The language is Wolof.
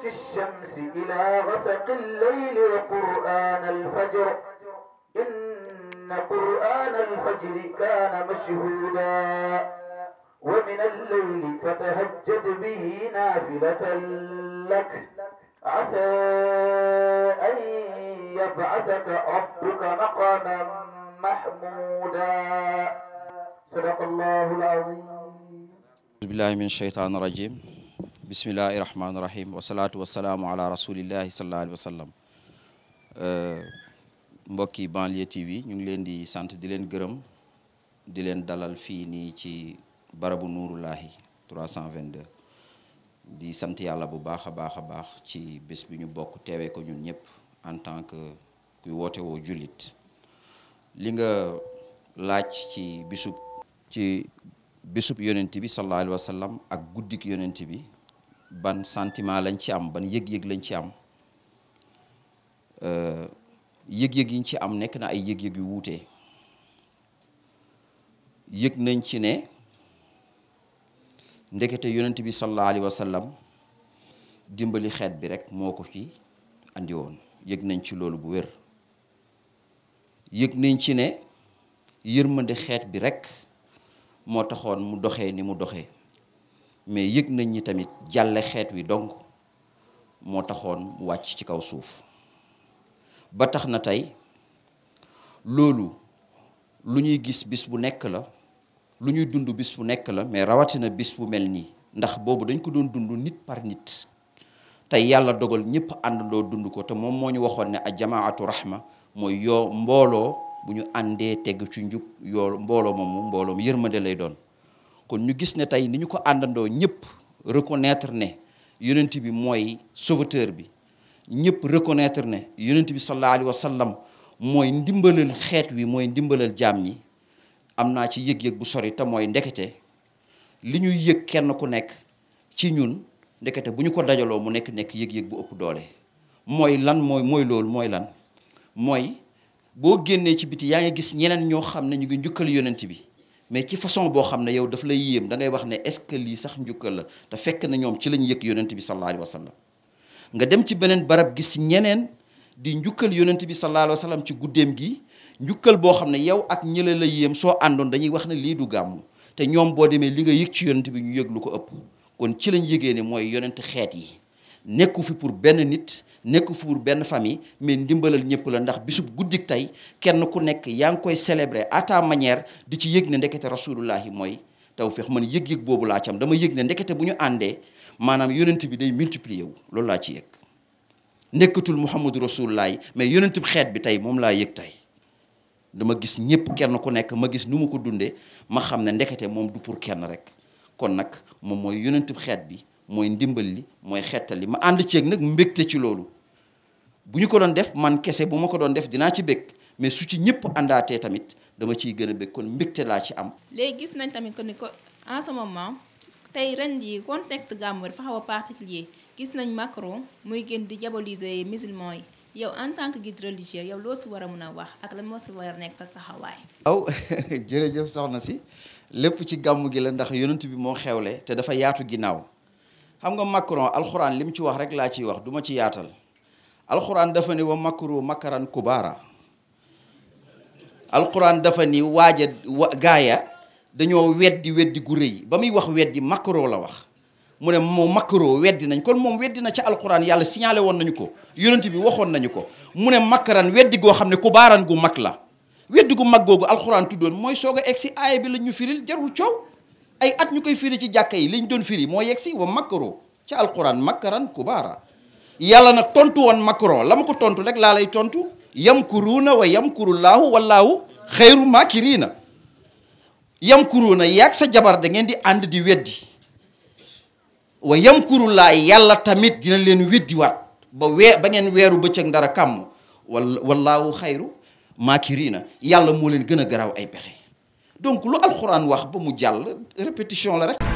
طلوع الشمس إلى غسق الليل وقرآن الفجر إن قرآن الفجر كان مشهودا ومن الليل فتهجد به نافلة لك عسى أن يبعثك ربك مقاما محمودا صدق الله العظيم بالله من الشيطان الرجيم bismillahi rahmaani rahim wasalaatu wasalaamu ala rasulillahi sallallahu alayhi wa sallam eh, mbokki banlieue tv ñu ngi leen di sant di leen gërëm di leen dalal fii nii ci barabu nuurulaahi 322 di sant yàlla bu baax a baax a baax ci bés bi ñu bokk teewee ko ñun ñëpp en tant que kuy woote woo jullit li nga laaj ci bisub ci bisub yonent bi sallallahu alayhi wa sallam ak guddik yonent bi ban sentiment lañ ci am ban yëg-yëg lañ ci am euh, yëg-yëg yiñ ci am nekk na ay yëg-yëg yu wuute yëg nañ ci ne ndekete yonent bi sallallahu alayhi wa dimbali xeet bi rek moo ko fi andi woon yëg nañ ci loolu bu wér yëg nañ ci ne yërmande xeet bi rek moo taxoon mu doxee ni mu doxee mais yëg nañ ñi tamit jàll xeet wi donc moo taxoon mu wàcc ci kaw suuf ba tax na tey loolu lu ñuy gis bis bu nekk la lu ñuy dund bis bu nekk la mais rawatina bis bu mel nii ndax boobu dañ ko doon dund nit par nit tey yàlla dogal ñëpp àndandoo dund ko te moom moo ñu waxoon ne ak jamaatu rahma mooy yoo mbooloo bu ñu àndee teg ci njub yoo mbooloo moomu mbooloom yërmande lay doon kon ñu gis ne tey ni ñu ko àndandoo ñëpp reconnaître ne yonent bi mooy sauveteur bi ñëpp reconnaître ne yonent bi sallallahu alayhi wa sallam mooy ndimbalal xeet wi mooy ndimbalal jaam ñi am naa ci yëg-yëg bu sori te mooy ndekete li ñuy yëg kenn ku nekk ci ñun ndekete bu ñu ko dajaloo mu nekk nekk yëg-yëg bu ëpp doole mooy lan mooy mooy loolu mooy lan mooy boo génnee ci biti yaa ngi gis ñeneen ñoo xam ne ñu ngi njukkal yonent bi mais ci façon boo xam ne yow daf lay yéem da ngay wax ne est-ce lii sax njukkal la te fekk na ñoom ci lañ yëg yonent bi sallallahu alayhi wa nga dem ci beneen barab gis ñeneen di njukkal yonent bi sallallahu alayhi wa ci guddeem gi njukkal boo xam ne yow ak ñële la yéem soo àndoon dañuy wax ne lii du gàmmu te ñoom boo demee li nga yëg ci yonent bi ñu yëg lu ko ëpp kon ci lañ yëgee ne mooy yonent xeet yi nekku fi pour benn nit nekk fuur benn famille mais ndimbalal ñëpp la ndax bisub guddik tey kenn ku nekk yaa ngi koy célébrer à ta manière di ci yëg ne ndekete rasulullahi mooy tawféex man yëg-yëg boobu laa ci am dama yëg ne bu ñu àndee maanaam yonent bi day multiplier wu loolu laa ci yëg nekkatul muhammadu rasulullahi mais yonent xeet bi tey moom laa yëg tey dama gis ñëpp kenn ku nekk ma gis nu ma ko dundee ma xam ne ndekete moom du pour kenn rek kon nag moom mooy yonent xeet bi mooy ndimbal li mooy xettali ma ànd ceeg nag mbégte ci loolu bu ñu ko doon def man kese bu ma ko doon def dinaa ci bég mais su ci ñëpp àndaatee tamit dama ciy gën a bég kon mbégte laa ci am. léegi gis nañ tamit que ni ko en ce moment tey ren jii contexte gàmmu dafa xaw a particulier gis nañ Macron muy gën di diaboliser musulman yi. yow en tant que guide religieux yow loo si war a mën a wax ak lan moo si war a nekk sa taxawaay. aw jërëjëf soxna si lépp ci gàmmu gi la ndax yonent bi moo xewle te dafa yaatu ginnaaw. xam nga Macron alxuraan li mu ci wax rek laa ciy wax duma ci yaatal alxuraan dafa ni wa makru makaran kubaara alxuraan dafa ni waaja wa gaaya dañoo weddi weddi gu rëy ba muy wax weddi Macron la wax mu ne moom Macron weddi nañ kon moom weddi na ci alxuraan yàlla signalé woon nañu ko yonent bi waxoon nañu ko mu ne makaran weddi goo xam ne kubaaran gu mag la weddi gu mag googu alxuraan tuddoon mooy soog a egg si aaya bi la ñu firil jarul coow. ay at ñu koy firi ci jàkka yi liñ doon firi moo yegg si wa makaro ci alquran makaran kubaara yàlla nag tontu woon makaro la ma ko tontu rek laa lay tontu yamkuruuna wa yamkurullaahu wallaahu yam makiriina yamkuruuna yaag sa jabar da di ànd di weddi wa yamkurullaa yàlla tamit dina leen weddiwaat ba wee ba ngeen weeru bëccëg dara kàmm wallaahu xayru makiriina yàlla moo leen gën a garaaw ay pexe donc lu alxuraan wax ba mu jàll répétition la rek.